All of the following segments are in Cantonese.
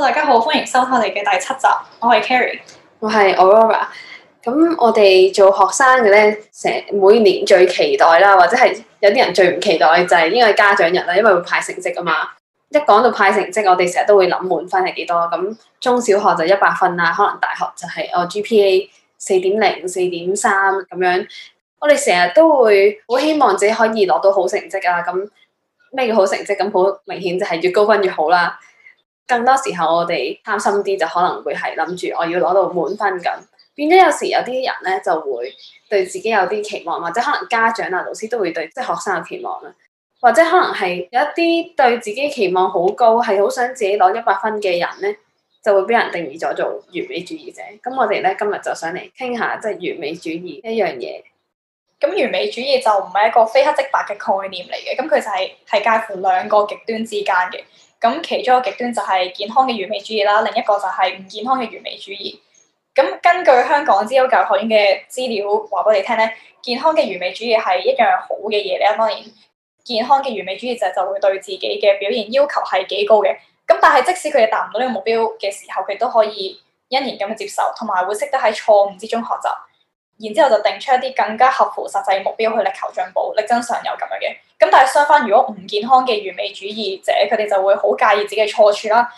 大家好，歡迎收睇我哋嘅第七集。我係 Carrie，我係 Aurora。咁我哋做學生嘅咧，成日每年最期待啦，或者係有啲人最唔期待就係因為家長日啦，因為會派成績啊嘛。一講到派成績，我哋成日都會諗滿分係幾多？咁中小學就一百分啦，可能大學就係哦 GPA 四點零、四點三咁樣。我哋成日都會好希望自己可以攞到好成績啊。咁咩叫好成績？咁好明顯就係越高分越好啦。更多時候我哋貪心啲就可能會係諗住我要攞到滿分咁，變咗有時有啲人咧就會對自己有啲期望，或者可能家長啊、老師都會對即係、就是、學生有期望啦，或者可能係有一啲對自己期望好高，係好想自己攞一百分嘅人咧，就會俾人定義咗做完美主義者。咁我哋咧今日就想嚟傾下即係完美主義一樣嘢。咁完美主義就唔係一個非黑即白嘅概念嚟嘅，咁佢就係、是、係介乎兩個極端之間嘅。咁其中一個極端就係健康嘅完美主義啦，另一個就係唔健康嘅完美主義。咁根據香港資優教學院嘅資料話俾你聽咧，健康嘅完美主義係一樣好嘅嘢。當然，健康嘅完美主義者就，就會對自己嘅表現要求係幾高嘅。咁但係即使佢哋達唔到呢個目標嘅時候，佢都可以欣然咁去接受，同埋會識得喺錯誤之中學習。然之後就定出一啲更加合乎實際目標去力求進步，力爭上游咁樣嘅。咁但係相反，如果唔健康嘅完美主義者，佢哋就會好介意自己嘅錯處啦。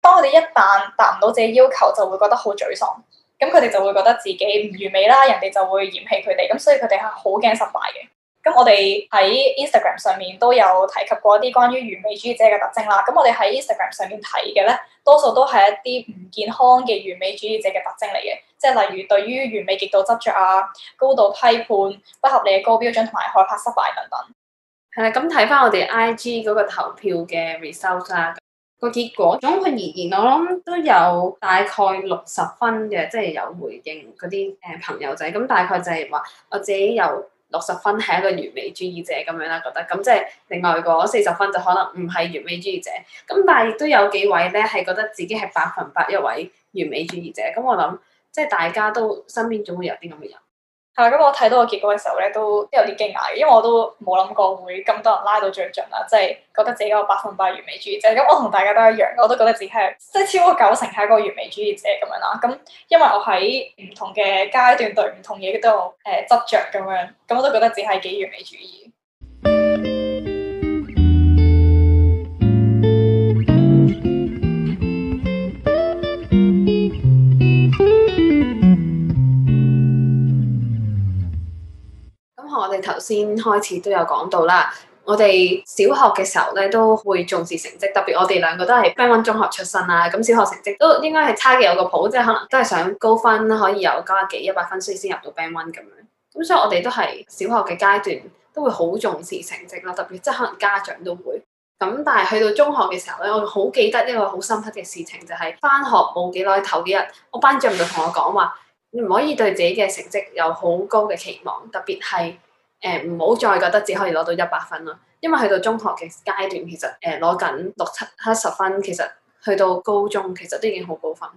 當佢哋一旦達唔到自己要求，就會覺得好沮喪。咁佢哋就會覺得自己唔完美啦，人哋就會嫌棄佢哋。咁所以佢哋係好驚失敗嘅。咁我哋喺 Instagram 上面都有提及過一啲關於完美主義者嘅特徵啦。咁我哋喺 Instagram 上面睇嘅咧，多數都係一啲唔健康嘅完美主義者嘅特徵嚟嘅，即係例如對於完美極度執着啊、高度批判、不合理嘅高標準同埋害怕失敗等等。係啊，咁睇翻我哋 IG 嗰個投票嘅 result 啦，個結果總括而言，我諗都有大概六十分嘅，即係有回應嗰啲誒朋友仔。咁大概就係話我自己有。六十分係一個完美主義者咁樣啦，覺得咁即係另外個四十分就可能唔係完美主義者，咁但係亦都有幾位咧係覺得自己係百分百一位完美主義者，咁我諗即係大家都身邊總會有啲咁嘅人。啊！咁、嗯、我睇到個結果嘅時候咧，都都有啲驚訝嘅，因為我都冇諗過會咁多人拉到最盡啦，即、就、係、是、覺得自己係百分百完美主義者。咁我同大家都一樣，我都覺得自己係即係超過九成係一個完美主義者咁樣啦。咁因為我喺唔同嘅階段對唔同嘢都有誒、呃、執着咁樣，咁我都覺得自己係幾完美主義。我哋頭先開始都有講到啦，我哋小學嘅時候咧都會重視成績，特別我哋兩個都係 Band One 中學出身啦，咁小學成績都應該係差嘅有個譜，即係可能都係想高分可以有九十幾一百分，所以先入到 Band One 咁樣。咁所以我哋都係小學嘅階段都會好重視成績咯，特別即係可能家長都會。咁但係去到中學嘅時候咧，我好記得一個好深刻嘅事情，就係、是、翻學冇幾耐頭幾日，我班主任就同我講話，你唔可以對自己嘅成績有好高嘅期望，特別係。誒唔好再覺得只可以攞到一百分咯，因為去到中學嘅階段，其實誒攞緊六七七十分，其實去到高中其實都已經好高分。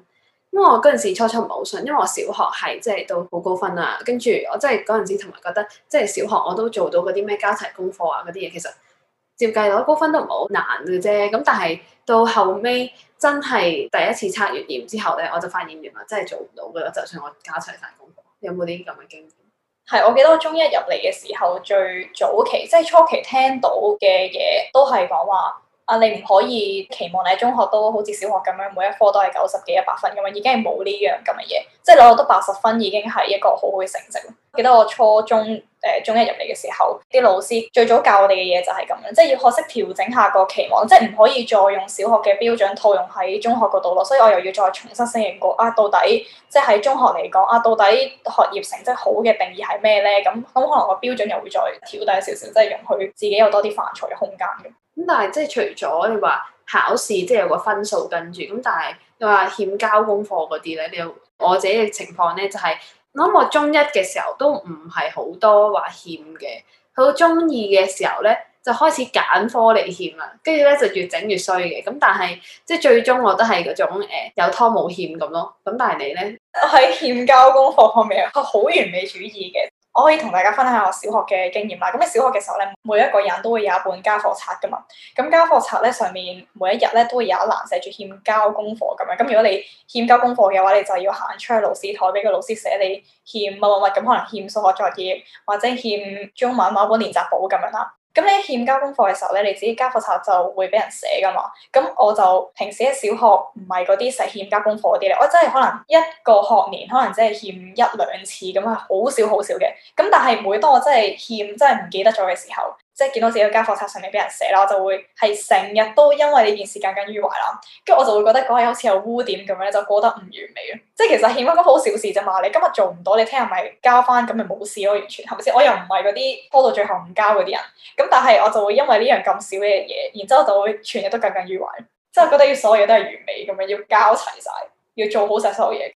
因為我嗰陣時初初唔係好信，因為我小學係即係到好高分啦。跟住我真係嗰陣時同埋覺得，即係小學我都做到嗰啲咩交齊功課啊嗰啲嘢，其實照計攞高分都唔係好難嘅啫。咁但係到後尾真係第一次測完驗之後咧，我就發現原來真係做唔到㗎咯。就算我交齊晒功課，有冇啲咁嘅經驗？係，我記得我中一入嚟嘅時候，最早期即係初期聽到嘅嘢，都係講話啊，你唔可以期望你喺中學都好似小學咁樣，每一科都係九十幾一百分咁樣，已經係冇呢樣咁嘅嘢，即係攞到八十分已經係一個好好嘅成績。記得我初中誒，中一入嚟嘅時候，啲老師最早教我哋嘅嘢就係咁樣，即係要學識調整下個期望，即係唔可以再用小學嘅標準套用喺中學嗰度咯。所以我又要再重新適應過啊，到底即係喺中學嚟講啊，到底學業成績好嘅定義係咩咧？咁咁可能個標準又會再調低少少，即係容許自己有多啲犯錯嘅空間嘅。咁但係即係除咗你話考試即係有個分數跟住，咁但係你話欠交功課嗰啲咧，你有我自己嘅情況咧就係、是。我諗我中一嘅時候都唔係好多話欠嘅，到中二嘅時候咧就開始揀科嚟欠啦，跟住咧就越整越衰嘅。咁但係即係最終我都係嗰種誒、呃、有拖冇欠咁咯。咁但係你咧、啊，我喺欠交功課方面係好完美主義嘅。我可以同大家分享下我小學嘅經驗啦。咁喺小學嘅時候咧，每一個人都會有一本家課冊噶嘛。咁家課冊咧上面每一日咧都會有一欄寫住欠交功課咁樣。咁如果你欠交功課嘅話，你就要行出去老師枱，俾個老師寫你欠乜乜乜。咁可能欠數學作業，或者欠中文某一本練習簿咁樣啦。咁你欠交功課嘅時候咧，你自己家課冊就會俾人寫㗎嘛。咁我就平時喺小學唔係嗰啲實欠交功課啲咧，我真係可能一個學年可能真係欠一兩次咁係，好少好少嘅。咁但係每當我真係欠真係唔記得咗嘅時候。即係見到自己嘅家課冊上面俾人寫啦，我就會係成日都因為呢件事耿耿於懷啦。跟住我就會覺得嗰下好似有污點咁樣，就過得唔完美咯。即係其實欠翻嗰好小事啫嘛。你今日做唔到，你聽日咪交翻，咁咪冇事咯，完全係咪先？我又唔係嗰啲拖到最後唔交嗰啲人。咁但係我就會因為呢樣咁少嘅嘢，然之後就會全日都耿耿於懷。即係覺得要所有嘢都係完美咁樣，要交齊晒，要做好晒所有嘢。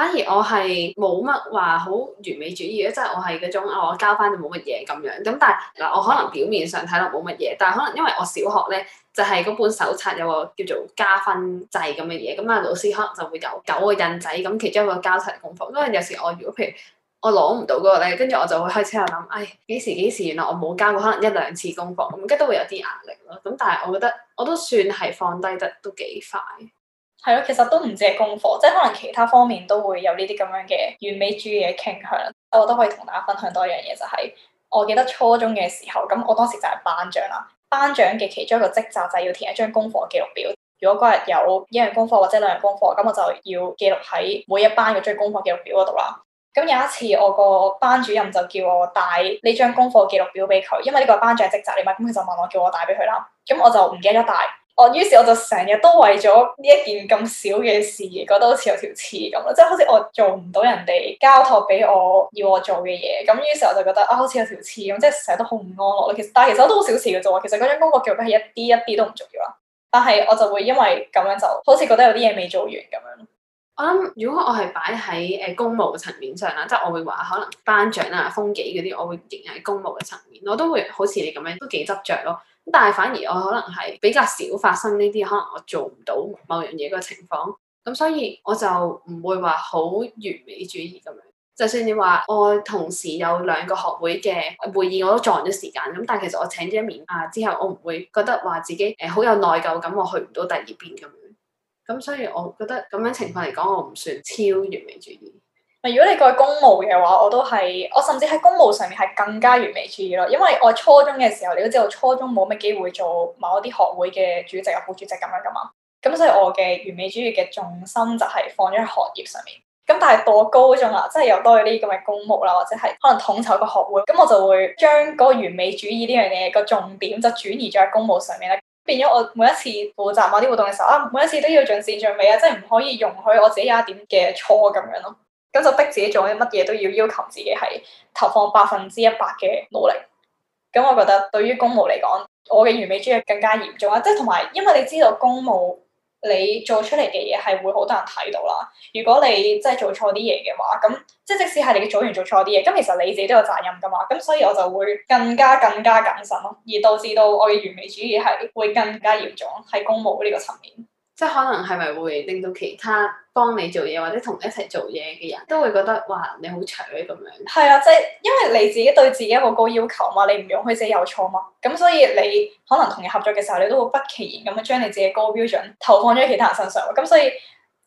反而我係冇乜話好完美主義啊，即係我係嗰種啊，我交翻就冇乜嘢咁樣。咁但係嗱，我可能表面上睇落冇乜嘢，但係可能因為我小學咧就係嗰本手冊有個叫做加分制咁嘅嘢，咁啊老師可能就會有九個印仔，咁其中一個交齊功課。因為有時我如果譬如我攞唔到嗰個咧，跟住我就會開始有諗，唉，幾時幾時原來我冇交過可能一兩次功課，咁而家都會有啲壓力咯。咁但係我覺得我都算係放低得都幾快。係咯，其實都唔止係功課，即係可能其他方面都會有呢啲咁樣嘅完美主義嘅傾向。我都可以同大家分享多一樣嘢，就係、是、我記得初中嘅時候，咁我當時就係班長啦。班長嘅其中一個職責就係要填一張功課記錄表。如果嗰日有一樣功課或者兩樣功課，咁我就要記錄喺每一班嘅張功課記錄表嗰度啦。咁有一次，我個班主任就叫我帶呢張功課記錄表俾佢，因為呢個班長職責嚟嘛，咁佢就問我叫我帶俾佢啦。咁我就唔記得帶。我於是我就成日都為咗呢一件咁少嘅事，覺得好似有條刺咁咯，即係好似我做唔到人哋交託俾我要我做嘅嘢，咁於是我就覺得啊，好似有條刺咁，即係成日都好唔安樂咯。其實但係其實我都好少事嘅啫，其實嗰種工作叫咩係一啲一啲都唔重要啦。但係我就會因為咁樣就好似覺得有啲嘢未做完咁樣。我諗如果我係擺喺誒公務層面上啦，即係我會話可能頒獎啊、風紀嗰啲，我會仍然喺公務嘅層面，我都會好似你咁樣都幾執着咯。但係反而我可能係比較少發生呢啲，可能我做唔到某樣嘢嘅情況，咁所以我就唔會話好完美主義咁樣。就算你話我同時有兩個學會嘅會議，我都撞咗時間，咁但係其實我請咗一面啊之後，我唔會覺得話自己誒好有內疚感，我去唔到第二邊咁樣。咁所以我覺得咁樣情況嚟講，我唔算超完美主義。如果你過去公務嘅話，我都係，我甚至喺公務上面係更加完美主義咯。因為我初中嘅時候，你都知道初中冇乜機會做某一啲學會嘅主席啊、副主席咁樣噶嘛。咁所以我嘅完美主義嘅重心就係放咗喺學業上面。咁但係到高中啦，即係又多咗啲咁嘅公務啦，或者係可能統籌個學會。咁我就會將嗰個完美主義呢樣嘢個重點就轉移咗喺公務上面咧。變咗我每一次負責某啲活動嘅時候啊，每一次都要盡善盡美啊，即係唔可以容許我自己有一點嘅錯咁樣咯。咁就逼自己做緊乜嘢都要要求自己係投放百分之一百嘅努力。咁我覺得對於公務嚟講，我嘅完美主義更加嚴重啊！即係同埋，因為你知道公務你做出嚟嘅嘢係會好多人睇到啦。如果你真係做錯啲嘢嘅話，咁即係即使係你嘅組員做錯啲嘢，咁其實你自己都有責任㗎嘛。咁所以我就會更加更加謹慎咯，而導致到我嘅完美主義係會更加嚴重喺公務呢個層面。即係可能係咪會令到其他幫你做嘢或者同你一齊做嘢嘅人都會覺得哇你好串咁樣？係啊，即係因為你自己對自己一個高要求嘛，你唔容許自己有錯嘛，咁所以你可能同人合作嘅時候，你都會不期然咁樣將你自己高標準投放咗喺其他人身上，咁所以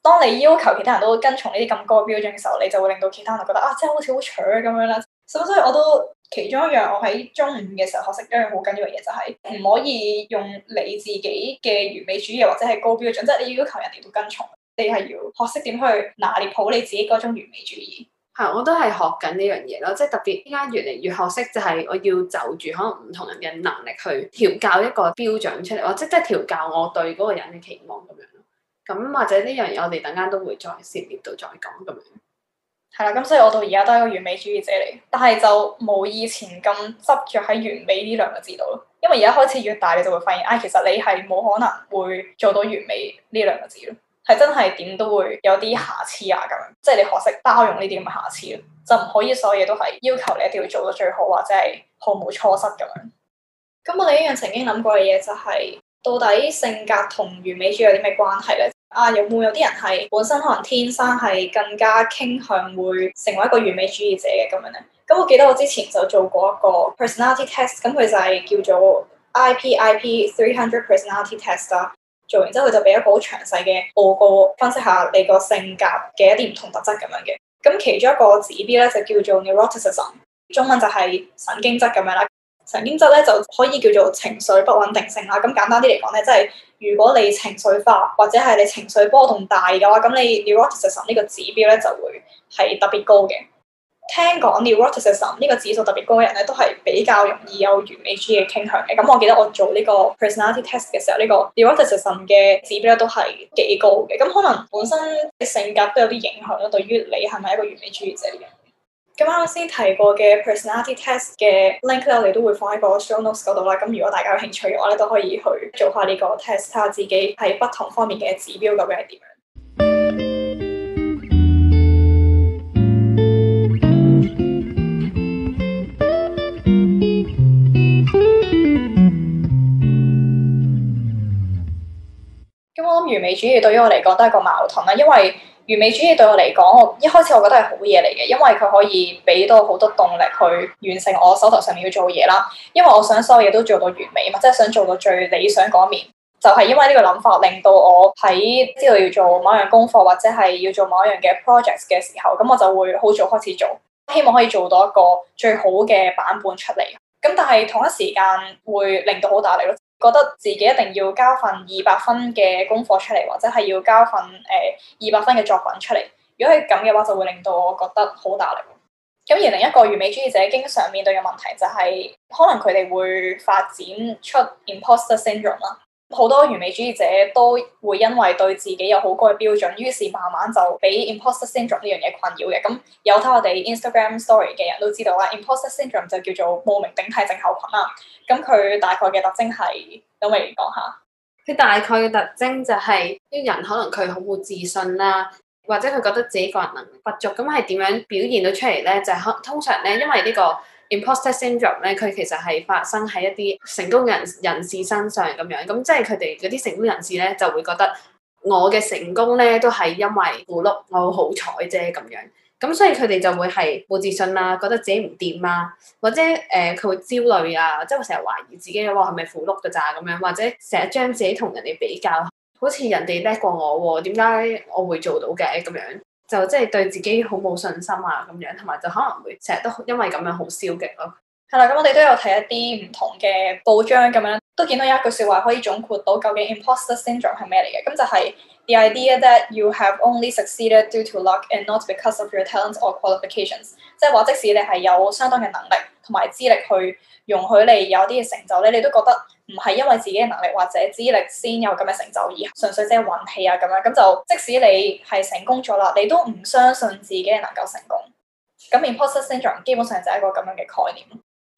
當你要求其他人都會跟從呢啲咁高標準嘅時候，你就會令到其他人都覺得啊，真係好似好串咁樣啦。咁所以我都。其中一樣我喺中五嘅時候學識一樣好緊要嘅嘢，就係唔可以用你自己嘅完美主義或者係高標準，即係你要求人哋要跟從，你係要學識點去拿捏好你自己嗰種完美主義。係，我都係學緊呢樣嘢咯，即係特別依家越嚟越學識，就係我要就住可能唔同人嘅能力去調教一個標準出嚟，或即係調教我對嗰個人嘅期望咁樣。咁或者呢樣嘢，我哋等間都會再涉獵到，再講咁樣。係啦，咁、嗯、所以我到而家都係個完美主義者嚟，但係就冇以前咁執着喺完美呢兩個字度咯。因為而家開始越大，你就會發現，唉、哎，其實你係冇可能會做到完美呢兩個字咯，係真係點都會有啲瑕疵啊咁樣，即係你學識包容呢啲咁嘅瑕疵咯，就唔可以所有嘢都係要求你一定要做到最好或者係毫無錯失咁樣。咁我哋一樣曾經諗過嘅嘢就係、是，到底性格同完美主義有啲咩關係咧？啊，有冇有啲人係本身可能天生係更加傾向會成為一個完美主義者嘅咁樣咧？咁我記得我之前就做過一個 personality test，咁佢就係叫做 I P I P three hundred personality test 啦。做完之後佢就俾一個好詳細嘅報告，分析下你個性格嘅一啲唔同特質咁樣嘅。咁其中一個指 B 咧，就叫做 neuroticism，中文就係神經質咁樣啦。神經質咧就可以叫做情緒不穩定性啦。咁簡單啲嚟講咧，即係如果你情緒化或者係你情緒波動大嘅話，咁你 Neuroticism 呢個指標咧就會係特別高嘅。聽講 Neuroticism 呢個指數特別高嘅人咧，都係比較容易有完美主義嘅傾向嘅。咁我記得我做呢個 Personality Test 嘅時候，呢個 Neuroticism 嘅指標都係幾高嘅。咁可能本身嘅性格都有啲影響咯。對於你係咪一個完美主義者呢？咁啱先提過嘅 personality test 嘅 link 咧，我哋都會放喺個 show notes 度啦。咁如果大家有興趣嘅話咧，都可以去做下呢個 test，睇下自己喺不同方面嘅指標究竟係點樣。咁 我諗完美主義對於我嚟講都係個矛盾啦，因為完美主義對我嚟講，我一開始我覺得係好嘢嚟嘅，因為佢可以俾到好多動力去完成我手頭上面要做嘢啦。因為我想所有嘢都做到完美啊嘛，即係想做到最理想嗰面。就係因為呢個諗法，令到我喺知道要做某樣功課或者係要做某一樣嘅 project 嘅時候，咁我就會好早開始做，希望可以做到一個最好嘅版本出嚟。咁但係同一時間會令到好大壓力。覺得自己一定要交份二百分嘅功課出嚟，或者係要交份誒二百分嘅作品出嚟。如果係咁嘅話，就會令到我覺得好大壓力。咁而另一個完美主義者經常面對嘅問題就係、是，可能佢哋會發展出 imposter syndrome 啦。好多完美主義者都會因為對自己有好高嘅標準，於是慢慢就俾 imposter syndrome 呢樣嘢困擾嘅。咁有睇我哋 Instagram story 嘅人都知道啦，imposter syndrome 就叫做冒名頂替症候群啦。咁佢大概嘅特徵係，等我嚟講下。佢大概嘅特徵就係、是、啲人可能佢好冇自信啦，或者佢覺得自己個人能力不足。咁係點樣表現到出嚟咧？就係、是、通常咧，因為呢、這個。impostor syndrome 咧，佢其實係發生喺一啲成功人人士身上咁樣，咁即係佢哋嗰啲成功人士咧就會覺得我嘅成功咧都係因為苦碌我好好彩啫咁樣，咁所以佢哋就會係冇自信啦、啊，覺得自己唔掂啊，或者誒佢、呃、會焦慮啊，即係成日懷疑自己喎係咪苦碌㗎咋咁樣，或者成日將自己同人哋比較，好似人哋叻過我喎、啊，點解我會做到嘅咁樣？就即係對自己好冇信心啊，咁樣，同埋就可能會成日都因為咁樣好消極咯。係啦，咁、嗯、我哋都有睇一啲唔同嘅報章咁樣，都見到有一句說話可以總括到究竟 Imposter Syndrome 係咩嚟嘅。咁就係、是、the idea that you have only succeeded due to luck and not because of your talents or qualifications，即係話即使你係有相當嘅能力同埋資歷去容許你有啲嘅成就咧，你都覺得。唔係因為自己嘅能力或者資歷先有咁嘅成就，而純粹即係運氣啊，咁樣。咁就即使你係成功咗啦，你都唔相信自己能夠成功。咁 Imposter Syndrome 基本上就係一個咁樣嘅概念。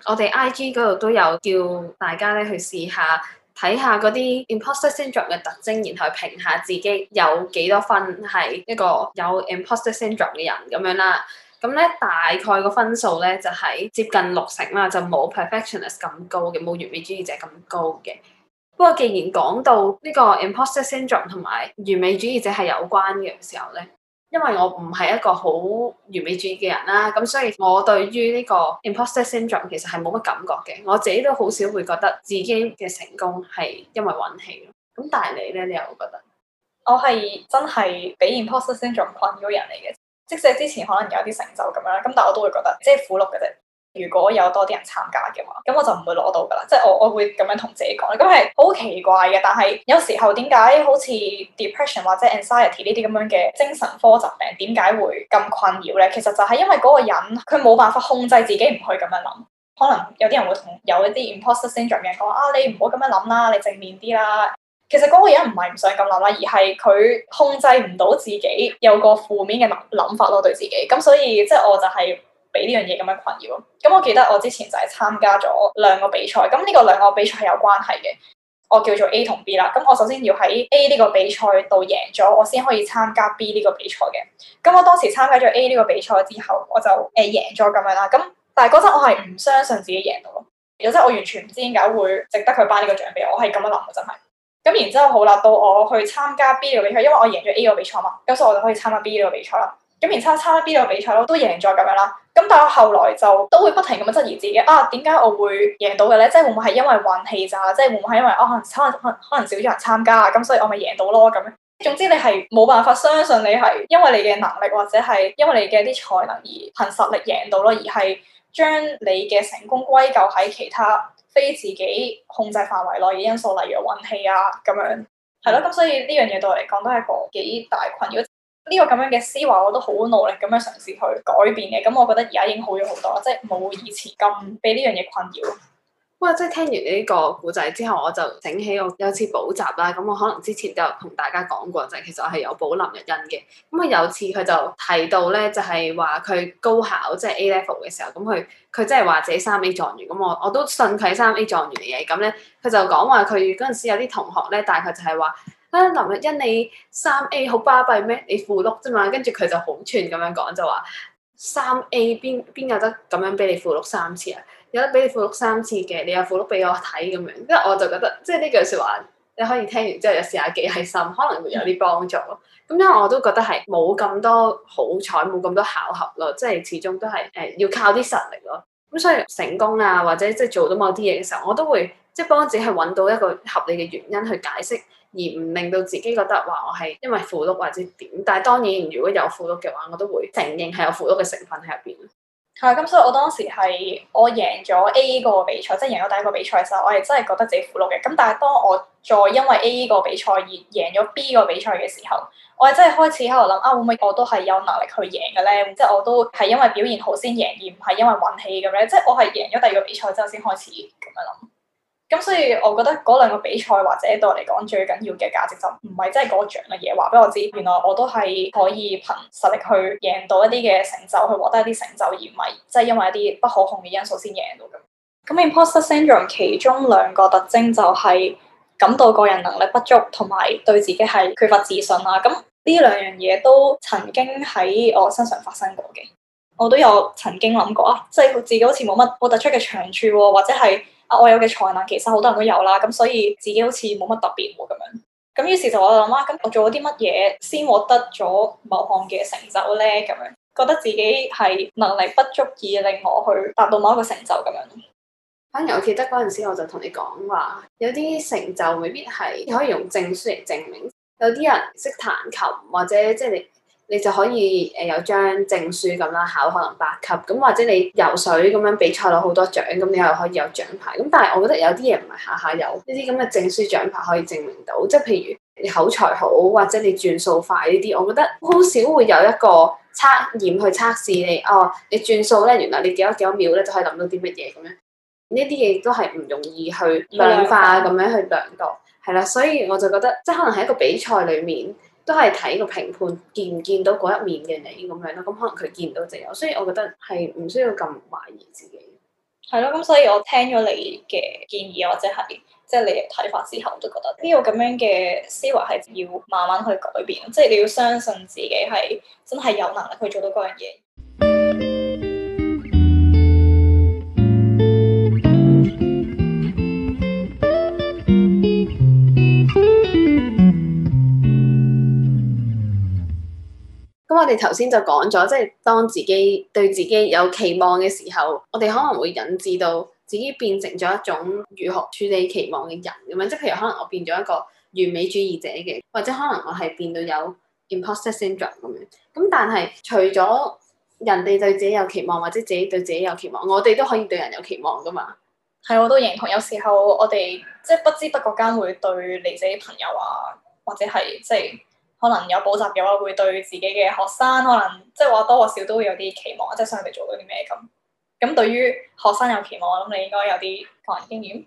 我哋 IG 嗰度都有叫大家咧去試下睇下嗰啲 Imposter Syndrome 嘅特徵，然後評下自己有幾多分係一個有 Imposter Syndrome 嘅人咁樣啦。咁咧，大概個分數咧就係接近六成啦，就冇 perfectionist 咁高嘅，冇完美主義者咁高嘅。不過，既然講到呢個 imposter syndrome 同埋完美主義者係有關嘅時候咧，因為我唔係一個好完美主義嘅人啦，咁所以我對於呢個 imposter syndrome 其實係冇乜感覺嘅。我自己都好少會覺得自己嘅成功係因為運氣。咁但係你咧，你又會覺得？我係真係俾 imposter syndrome 困咗人嚟嘅。即使之前可能有啲成就咁樣，咁但我都會覺得即係苦碌嘅啫。如果有多啲人參加嘅話，咁我就唔會攞到噶啦。即係我我會咁樣同自己講，咁係好奇怪嘅。但係有時候點解好似 depression 或者 anxiety 呢啲咁樣嘅精神科疾病，點解會咁困擾咧？其實就係因為嗰個人佢冇辦法控制自己唔去咁樣諗，可能有啲人會同有一啲 imposter syndrome 嘅人講啊，你唔好咁樣諗啦，你正面啲啦。其實嗰個人唔係唔想咁諗啦，而係佢控制唔到自己有個負面嘅諗法咯，對自己咁，所以即係、就是、我就係俾呢樣嘢咁樣困擾咯。咁我記得我之前就係參加咗兩個比賽，咁呢個兩個比賽係有關係嘅，我叫做 A 同 B 啦。咁我首先要喺 A 呢個比賽度贏咗，我先可以參加 B 呢個比賽嘅。咁我當時參加咗 A 呢個比賽之後，我就誒贏咗咁樣啦。咁但係嗰陣我係唔相信自己贏到咯，又即係我完全唔知點解會值得佢頒呢個獎畀我，我係咁樣諗嘅真係。咁然之後好啦，到我去參加 B 嘅比賽，因為我贏咗 A 個比賽嘛，咁所以我就可以參加 B 個比賽啦。咁然之後參加 B 個比賽咯，都贏咗咁樣啦。咁但係我後來就都會不停咁樣質疑自己啊，點解我會贏到嘅咧？即係會唔會係因為運氣咋？即係會唔會係因為啊、哦？可能可能可能少咗人參加，咁所以我咪贏到咯咁。總之你係冇辦法相信你係因為你嘅能力或者係因為你嘅啲才能而憑實力贏到咯，而係將你嘅成功歸咎喺其他非自己控制範圍內嘅因素，例如運氣啊咁樣，係咯咁，所以呢樣嘢對我嚟講都係個幾大困擾。呢個咁樣嘅思維，我都好努力咁樣嘗試去改變嘅。咁我覺得而家已經好咗好多，即係冇以前咁俾呢樣嘢困擾。即係聽完呢個故仔之後，我就醒起我有次補習啦。咁我可能之前就同大家講過，就係、其實我係有補林日恩嘅。咁啊，有次佢就提到咧，就係話佢高考即係 A level 嘅時候，咁佢佢即係話自己三 A 狀元。咁我我都信佢三 A 狀元嘅嘢。咁咧，佢就講話佢嗰陣時有啲同學咧，大概就係話啊，林日恩你三 A 好巴閉咩？你符碌啫嘛。跟住佢就好串咁樣講，就話三 A 邊邊有得咁樣俾你符碌三次啊？有得俾你符碌三次嘅，你有符碌俾我睇咁樣，即係我就覺得，即係呢句說話，你可以聽完之後又試下記喺心，可能會有啲幫助咯。咁 因為我都覺得係冇咁多好彩，冇咁多巧合咯，即係始終都係誒、呃、要靠啲實力咯。咁、嗯、所以成功啊，或者即係做到某啲嘢嘅時候，我都會即係幫自己去搵到一個合理嘅原因去解釋，而唔令到自己覺得話我係因為符碌或者點。但係當然如果有符碌嘅話，我都會承認係有符碌嘅成分喺入邊。係咁，嗯，所以我當時係我贏咗 A 個比賽，即係贏咗第一個比賽嘅時候，我係真係覺得自己苦碌嘅。咁但係當我再因為 A 個比賽而贏咗 B 個比賽嘅時候，我係真係開始喺度諗啊，會唔會我都係有能力去贏嘅咧？即係我都係因為表現好先贏，而唔係因為運氣咁咧。即係我係贏咗第二個比賽之後先開始咁樣諗。咁所以，我覺得嗰兩個比賽或者對我嚟講最緊要嘅價值就唔係真係嗰個獎嘅嘢。話俾我知，原來我都係可以憑實力去贏到一啲嘅成就，去獲得一啲成就，而唔係即係因為一啲不可控嘅因素先贏到嘅。咁 Imposter Syndrome 其中兩個特徵就係感到個人能力不足，同埋對自己係缺乏自信啊，咁呢兩樣嘢都曾經喺我身上發生過嘅，我都有曾經諗過啊，即係自己好似冇乜好突出嘅長處，或者係。啊！我有嘅才能，其實好多人都有啦，咁所以自己好似冇乜特別喎，咁樣。咁於是就我就諗啊，咁我做咗啲乜嘢先獲得咗某項嘅成就咧？咁樣覺得自己係能力不足以令我去達到某一個成就咁樣。反而我記得嗰陣時，我就同你講話，有啲成就未必係可以用證書嚟證明。有啲人識彈琴或者即係你。你就可以誒有張證書咁啦，考可能八級咁，或者你游水咁樣比賽攞好多獎咁，你又可以有獎牌。咁但係我覺得有啲嘢唔係下下有呢啲咁嘅證書獎牌可以證明到，即係譬如你口才好或者你轉數快呢啲，我覺得好少會有一個測驗去測試你。哦，你轉數咧，原來你幾多幾多秒咧就可以諗到啲乜嘢咁樣？呢啲嘢都係唔容易去量化咁樣去量度，係啦，所以我就覺得即係可能喺一個比賽裡面。都係睇個評判見唔見到嗰一面嘅你咁樣咯，咁可能佢見到只有，所以我覺得係唔需要咁懷疑自己。係咯，咁所以我聽咗你嘅建議或者係即係你嘅睇法之後，我都覺得呢、這個咁樣嘅思維係要慢慢去改變，即係你要相信自己係真係有能力去做到嗰樣嘢。 我哋頭先就講咗，即係當自己對自己有期望嘅時候，我哋可能會引致到自己變成咗一種如何處理期望嘅人咁樣。即係譬如可能我變咗一個完美主義者嘅，或者可能我係變到有 imposter syndrome 咁樣。咁但係除咗人哋對自己有期望，或者自己對自己有期望，我哋都可以對人有期望㗎嘛。係，我都認同。有時候我哋即係不知不覺間會對你自己啲朋友啊，或者係即係。就是可能有補習嘅話，會對自己嘅學生，可能即係或多或少都會有啲期望，即係想你做咗啲咩咁。咁對於學生有期望，我諗你應該有啲個人經驗。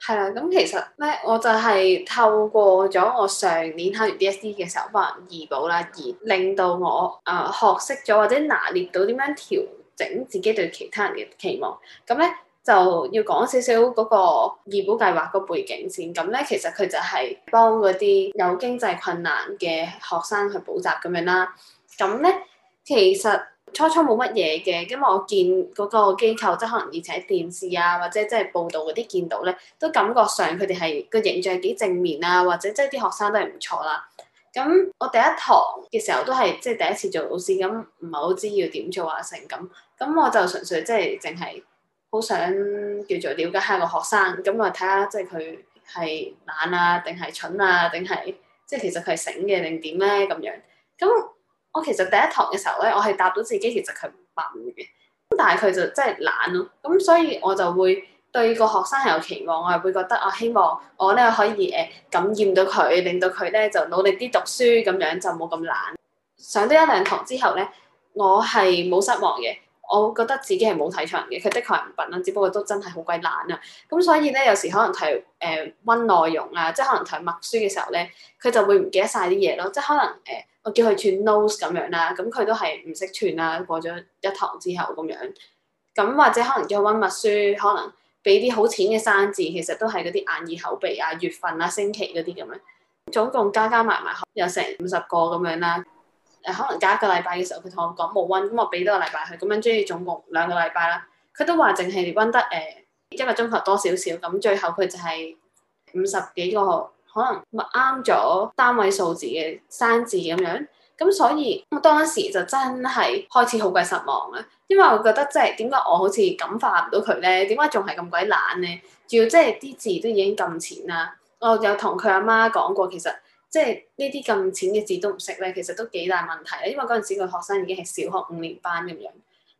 係啦，咁其實咧，我就係透過咗我上年考完 DSE 嘅時候翻二補啦，而令到我誒、呃、學識咗或者拿捏到點樣調整自己對其他人嘅期望。咁咧。就要講少少嗰個義補計劃個背景先。咁咧，其實佢就係幫嗰啲有經濟困難嘅學生去補習咁樣啦。咁咧，其實初初冇乜嘢嘅，因為我見嗰個機構即係可能以前喺電視啊，或者即係報道嗰啲見到咧，都感覺上佢哋係個形象幾正面啊，或者即係啲學生都係唔錯啦。咁我第一堂嘅時候都係即係第一次做老師，咁唔係好知要點做啊成咁。咁我就純粹即係淨係。好想叫做了解下個學生，咁啊睇下即係佢係懶啊，定係蠢啊，定係即係其實佢係醒嘅，定點咧咁樣。咁我其實第一堂嘅時候咧，我係答到自己，其實佢唔笨嘅，但係佢就真係懶咯。咁所以我就會對個學生係有期望，我係會覺得我、啊、希望我咧可以誒感染到佢，令到佢咧就努力啲讀書，咁樣就冇咁懶。上咗一兩堂之後咧，我係冇失望嘅。我覺得自己係冇睇錯人嘅，佢的確係唔笨啦，只不過都真係好鬼懶啊！咁所以咧，有時可能提誒温、呃、內容啊，即係可能提默書嘅時候咧，佢就會唔記得晒啲嘢咯。即係可能誒、呃，我叫佢串「nose」咁樣啦，咁佢都係唔識串啊。過咗一堂之後咁樣，咁、啊、或者可能叫佢温默書，可能俾啲好淺嘅生字，其實都係嗰啲眼耳口鼻啊、月份啊、星期嗰啲咁樣，總共加加埋埋有成五十個咁樣啦。啊誒可能隔一個禮拜嘅時候，佢同我講冇温，咁我俾多個禮拜佢，咁樣即係總共兩個禮拜啦。佢都話淨係温得誒、呃、一個鐘頭多少少，咁最後佢就係五十幾個可能咪啱咗單位數字嘅生字咁樣。咁所以我當時就真係開始好鬼失望啦，因為我覺得即係點解我好似感化唔到佢咧？點解仲係咁鬼懶咧？仲要即係啲字都已經咁淺啦。我有同佢阿媽講過，其實。即係呢啲咁淺嘅字都唔識咧，其實都幾大問題咧。因為嗰陣時個學生已經係小學五年班咁樣，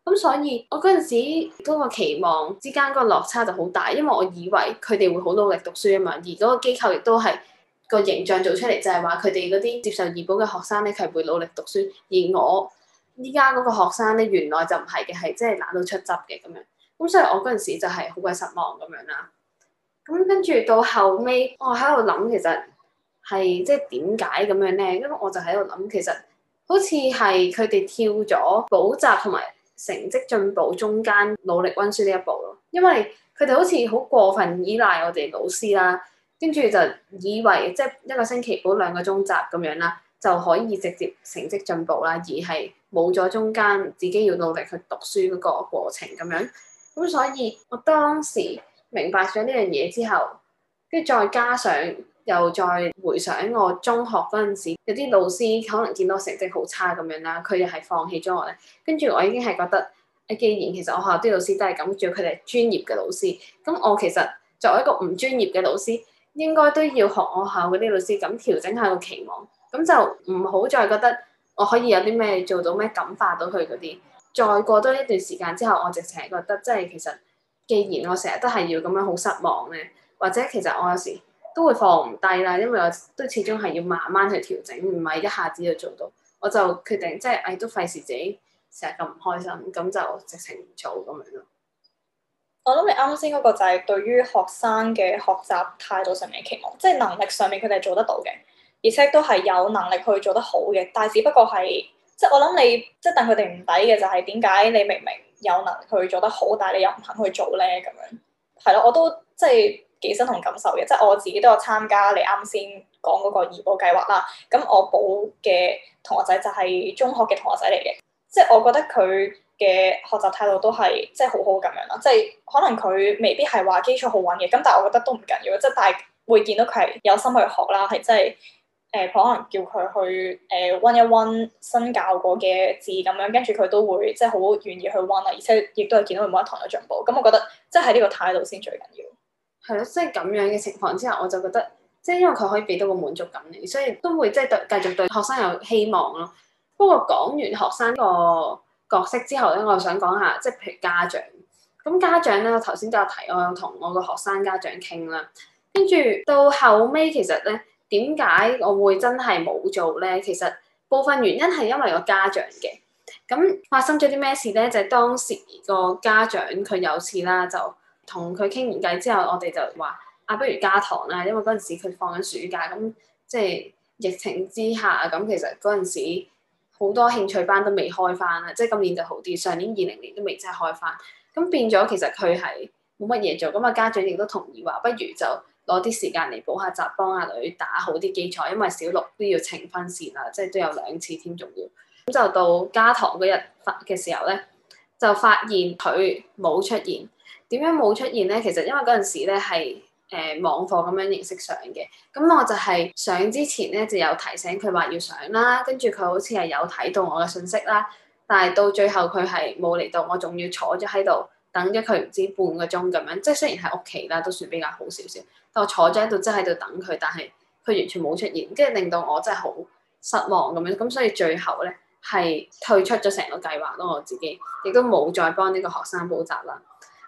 咁所以我嗰陣時嗰個期望之間嗰個落差就好大。因為我以為佢哋會好努力讀書啊嘛，而嗰個機構亦都係個形象做出嚟就係話佢哋嗰啲接受義補嘅學生咧，佢係會努力讀書。而我依家嗰個學生咧，原來就唔係嘅，係即係懶到出汁嘅咁樣。咁所以我嗰陣時就係好鬼失望咁樣啦。咁跟住到後尾，我喺度諗其實。係即係點解咁樣咧？因為我就喺度諗，其實好似係佢哋跳咗補習同埋成績進步中間努力温書呢一步咯。因為佢哋好似好過分依賴我哋老師啦，跟住就以為即係一個星期補兩個鐘習咁樣啦，就可以直接成績進步啦，而係冇咗中間自己要努力去讀書嗰個過程咁樣。咁所以我當時明白咗呢樣嘢之後，跟住再加上。又再回想我中學嗰陣時，有啲老師可能見到我成績好差咁樣啦，佢又係放棄咗我咧。跟住我已經係覺得誒，既然其實我學校啲老師都係咁，主要佢哋係專業嘅老師，咁我其實作為一個唔專業嘅老師，應該都要學我學校嗰啲老師咁調整下個期望，咁就唔好再覺得我可以有啲咩做到咩感化到佢嗰啲。再過多一段時間之後，我直情覺得即係其實，既然我成日都係要咁樣好失望咧，或者其實我有時。都會放唔低啦，因為我都始終係要慢慢去調整，唔係一下子就做到。我就決定即係，誒都費事自己成日咁唔開心，咁就直情唔做咁樣咯。我諗你啱先嗰個就係對於學生嘅學習態度上面嘅期望，即係能力上面佢哋係做得到嘅，而且都係有能力去做得好嘅。但係只不過係，即係我諗你即但佢哋唔抵嘅就係點解你明明有能力去做得好，但係你又唔肯去做咧？咁樣係咯，我都即係。即係幾深同感受嘅，即係我自己都有參加你啱先講嗰個二保計劃啦。咁我補嘅同學仔就係中學嘅同學仔嚟嘅，即係我覺得佢嘅學習態度都係即係好好咁樣啦。即係可能佢未必係話基礎好穩嘅，咁但係我覺得都唔緊要。即係會見到佢係有心去學啦，係即係誒可能叫佢去誒溫、呃、一溫新教過嘅字咁樣，跟住佢都會即係好願意去溫啦。而且亦都係見到佢每一堂有進步。咁我覺得即係呢個態度先最緊要。係咯，即係咁樣嘅情況之下，我就覺得，即係因為佢可以俾到個滿足感嚟，所以都會即係對繼續對學生有希望咯。不過講完學生個角色之後咧，我想講下，即係譬如家長。咁家長咧，我頭先都有提，我有同我個學生家長傾啦。跟住到後尾，其實咧點解我會真係冇做咧？其實部分原因係因為個家長嘅。咁發生咗啲咩事咧？就係當時個家長佢有次啦就。同佢傾完偈之後，我哋就話啊，不如加堂啦，因為嗰陣時佢放緊暑假，咁即係疫情之下，咁其實嗰陣時好多興趣班都未開返啦，即係今年就好啲，上年二零年都未真係開返。咁變咗其實佢係冇乜嘢做，咁啊家長亦都同意話，不如就攞啲時間嚟補下習，幫阿女打好啲基礎，因為小六都要呈分試啦，即係都有兩次添，仲要咁就到加堂嗰日發嘅時候呢，就發現佢冇出現。點樣冇出現咧？其實因為嗰陣時咧係誒網課咁樣形式上嘅，咁我就係、是、上之前咧就有提醒佢話要上啦，跟住佢好似係有睇到我嘅信息啦，但係到最後佢係冇嚟到，我仲要坐咗喺度等咗佢唔知半個鐘咁樣。即係雖然喺屋企啦，都算比較好少少，但我坐咗喺度，即係喺度等佢，但係佢完全冇出現，跟住令到我真係好失望咁樣。咁所以最後咧係退出咗成個計劃咯。我自己亦都冇再幫呢個學生補習啦。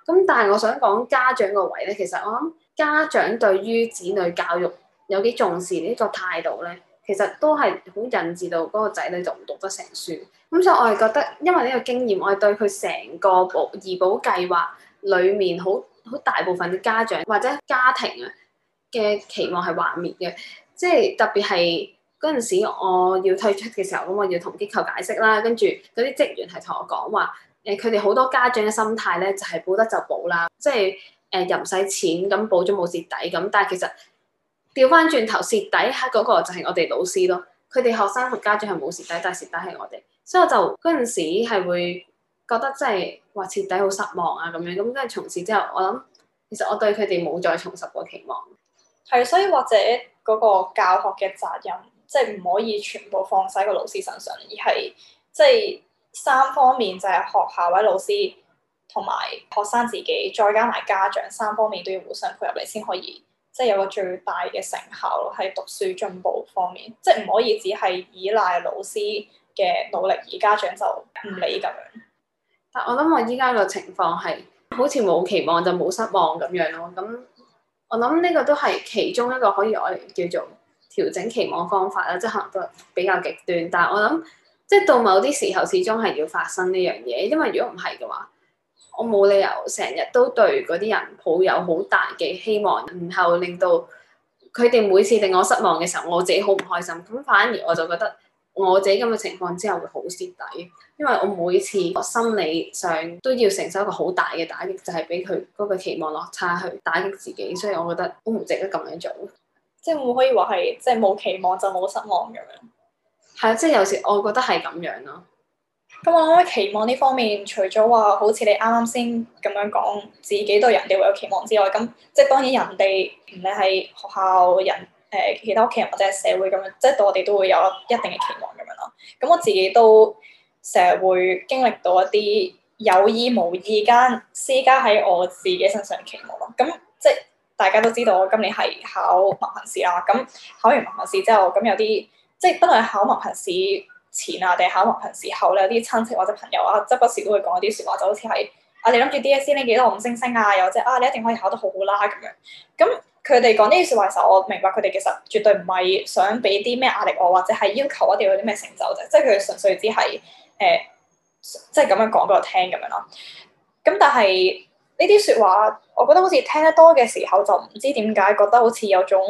咁但係我想講家長個位咧，其實我諗家長對於子女教育有幾重視呢個態度咧，其實都係好引致到嗰個仔女就唔讀得成書。咁、嗯、所以我係覺得，因為呢個經驗，我係對佢成個保兒保計劃裏面好好大部分嘅家長或者家庭啊嘅期望係幻滅嘅。即係特別係嗰陣時，我要退出嘅時候，咁我要同機構解釋啦，跟住嗰啲職員係同我講話。誒佢哋好多家長嘅心態咧，就係、是、補得就補啦，即係、呃、又唔使錢咁補，咗冇蝕底咁，但係其實調翻轉頭蝕底嚇嗰個就係我哋老師咯，佢哋學生同家長係冇蝕底，但係蝕底係我哋，所以我就嗰陣時係會覺得即係話蝕底好失望啊咁樣。咁跟住從此之後，我諗其實我對佢哋冇再重拾過期望。係，所以或者嗰個教學嘅責任，即係唔可以全部放曬個老師身上，而係即係。就是三方面就係學校，位老師同埋學生自己，再加埋家長，三方面都要互相配合你先可以，即係有個最大嘅成效咯。喺讀書進步方面，即係唔可以只係依賴老師嘅努力，而家長就唔理咁樣。但我諗我依家個情況係好似冇期望就冇失望咁樣咯。咁我諗呢個都係其中一個可以我哋叫做調整期望方法啦。即係可能都比較極端，但係我諗。即係到某啲時候，始終係要發生呢樣嘢，因為如果唔係嘅話，我冇理由成日都對嗰啲人抱有好大嘅希望，然後令到佢哋每次令我失望嘅時候，我自己好唔開心。咁反而我就覺得我自己咁嘅情況之後會好蝕底，因為我每次我心理上都要承受一個好大嘅打擊，就係俾佢嗰個期望落差去打擊自己。所以，我覺得好唔值得咁樣做。即係唔可以話係即係冇期望就冇失望咁樣。係啊，即係有時，我覺得係咁樣咯。咁我諗期望呢方面，除咗話好似你啱啱先咁樣講自己對人哋會有期望之外，咁即係當然人哋，唔理喺學校、人誒、呃、其他屋企人或者係社會咁樣，即係對我哋都會有一定嘅期望咁樣咯。咁我自己都成日會經歷到一啲有意無意間施加喺我自己身上嘅期望。咁即係大家都知道，我今年係考文憑試啦。咁考完文憑試之後，咁有啲。即係，不論考文憑試前啊，定係考文憑試後咧，有啲親戚或者朋友啊，則不時都會講一啲説話，就好似係，我哋諗住 DSE 拎幾多五星星啊，又或者啊，你一定可以考得好好啦咁樣。咁佢哋講呢啲説話嘅時候，我明白佢哋其實絕對唔係想俾啲咩壓力我，或者係要求我哋有啲咩成就啫。即係佢純粹只係誒，即係咁樣講俾我聽咁樣咯。咁但係呢啲説話我覺得好似聽得多嘅時候，就唔知點解覺得好似有種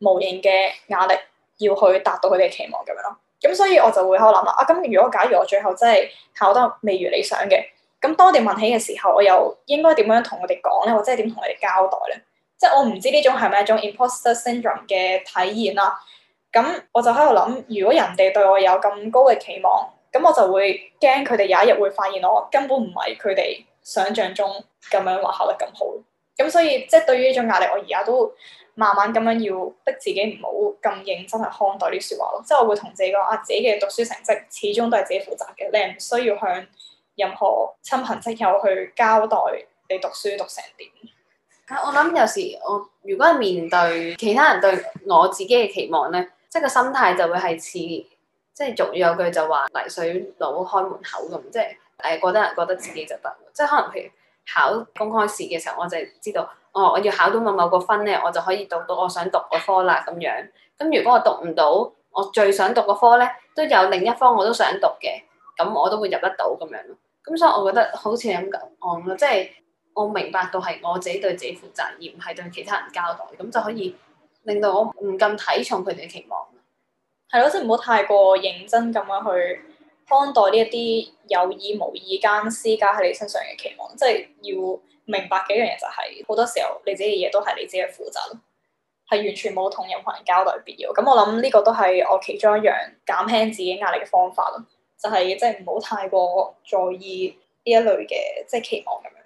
無形嘅壓力。要去達到佢哋嘅期望咁樣咯，咁所以我就會喺度諗啦。啊，咁如果假如我最後真係考得未如理想嘅，咁當我哋問起嘅時候，我又應該點樣同佢哋講咧？我真係點同佢哋交代咧？即係我唔知呢種係咪一種 imposter syndrome 嘅體驗啦。咁我就喺度諗，如果人哋對我有咁高嘅期望，咁我就會驚佢哋有一日會發現我根本唔係佢哋想象中咁樣話考得咁好。咁所以即係對於呢種壓力，我而家都～慢慢咁樣要逼自己唔好咁認真去看待呢啲説話咯，即係我會同自己講啊，自己嘅讀書成績始終都係自己負責嘅，你唔需要向任何親朋戚友去交代你讀書讀成點。我諗有時我如果係面對其他人對我自己嘅期望咧，即係個心態就會係似，即係俗語有句就話泥水佬開門口咁，即係誒、呃、覺得人覺得自己就得，即係可能譬如考公開試嘅時候，我就知道。哦，我要考到某某個分咧，我就可以讀到我想讀個科啦咁樣。咁如果我讀唔到，我最想讀個科咧，都有另一方我都想讀嘅，咁我都會入得到咁樣。咁、嗯、所以我覺得好似咁講咯，即係我明白到係我自己對自己負責，而唔係對其他人交代，咁就可以令到我唔咁睇重佢哋嘅期望。係咯、嗯，即係唔好太過認真咁樣去。看待呢一啲有意無意間施加喺你身上嘅期望，即係要明白幾樣嘢，就係好多時候你自己嘅嘢都係你自己嘅負責咯，係完全冇同任何人交代必要。咁我諗呢個都係我其中一樣減輕自己壓力嘅方法咯，就係即係唔好太過在意呢一類嘅即係期望咁樣。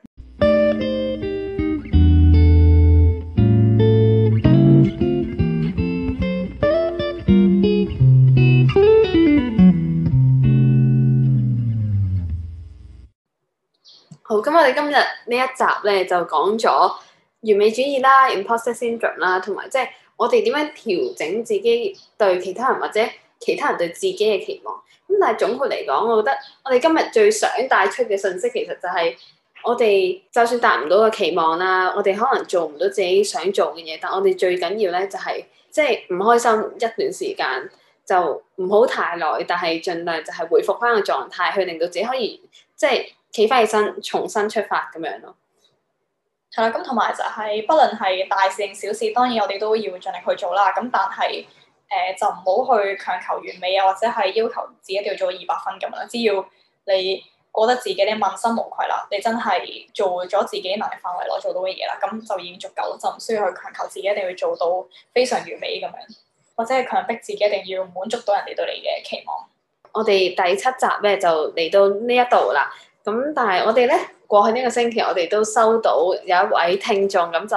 咁我哋今日呢一集咧就講咗完美主義啦，imposter syndrome 啦，同埋即係我哋點樣調整自己對其他人或者其他人對自己嘅期望。咁但係總括嚟講，我覺得我哋今日最想帶出嘅信息，其實就係我哋就算達唔到個期望啦，我哋可能做唔到自己想做嘅嘢，但我哋最緊要咧就係即係唔開心一段時間，就唔好太耐，但係盡量就係回復翻個狀態，去令到自己可以即係。就是企翻起身，重新出發咁樣咯。係啦，咁同埋就係、是，不論係大事定小事，當然我哋都要盡力去做啦。咁但係誒、呃，就唔好去強求完美啊，或者係要求自己一定要做到二百分咁樣啦。只要你過得自己，呢問心無愧啦。你真係做咗自己能力範圍內做到嘅嘢啦，咁就已經足夠，就唔需要去強求自己一定要做到非常完美咁樣，或者係強迫自己一定要滿足到人哋對你嘅期望。我哋第七集咧，就嚟到呢一度啦。咁但係我哋呢，過去呢個星期，我哋都收到有一位聽眾，咁就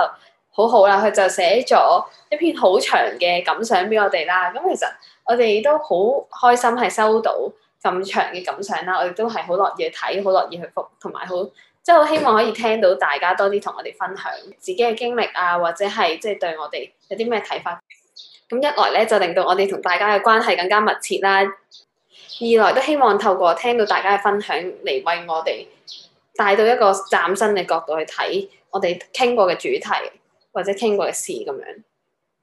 好好啦。佢就寫咗一篇好長嘅感想俾我哋啦。咁其實我哋都好開心，係收到咁長嘅感想啦。我哋都係好樂意去睇，好樂意去覆，同埋好即係好希望可以聽到大家多啲同我哋分享自己嘅經歷啊，或者係即係對我哋有啲咩睇法。咁一來呢，就令到我哋同大家嘅關係更加密切啦。二來都希望透過聽到大家嘅分享，嚟為我哋帶到一個嶄新嘅角度去睇我哋傾過嘅主題或者傾過嘅事咁樣。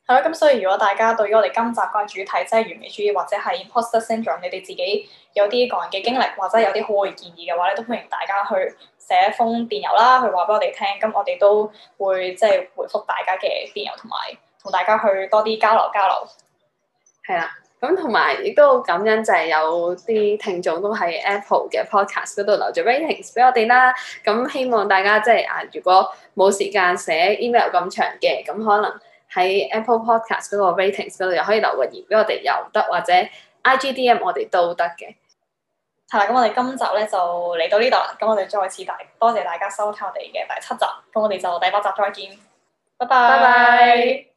係咯，咁 所以如果大家對於我哋今集嘅主題即係完美主義或者係 imposter syndrome，你哋自己有啲個人嘅經歷或者有啲好嘅建議嘅話咧，都歡迎大家去寫一封電郵啦，去話俾我哋聽。咁我哋都會即係、就是、回覆大家嘅電郵，同埋同大家去多啲交流交流。係啊。咁同埋亦都感恩就係有啲聽眾都喺 Apple 嘅 Podcast 嗰度留住 ratings 俾我哋啦。咁希望大家即係啊，如果冇時間寫 email 咁長嘅，咁可能喺 Apple Podcast 嗰個 ratings 嗰度又可以留個言俾我哋又得，或者 IGDM 我哋都得嘅。係啦，咁我哋今集咧就嚟到呢度啦。咁我哋再次多謝大家收聽我哋嘅第七集。咁我哋就第八集再見。拜拜 bye。Bye bye。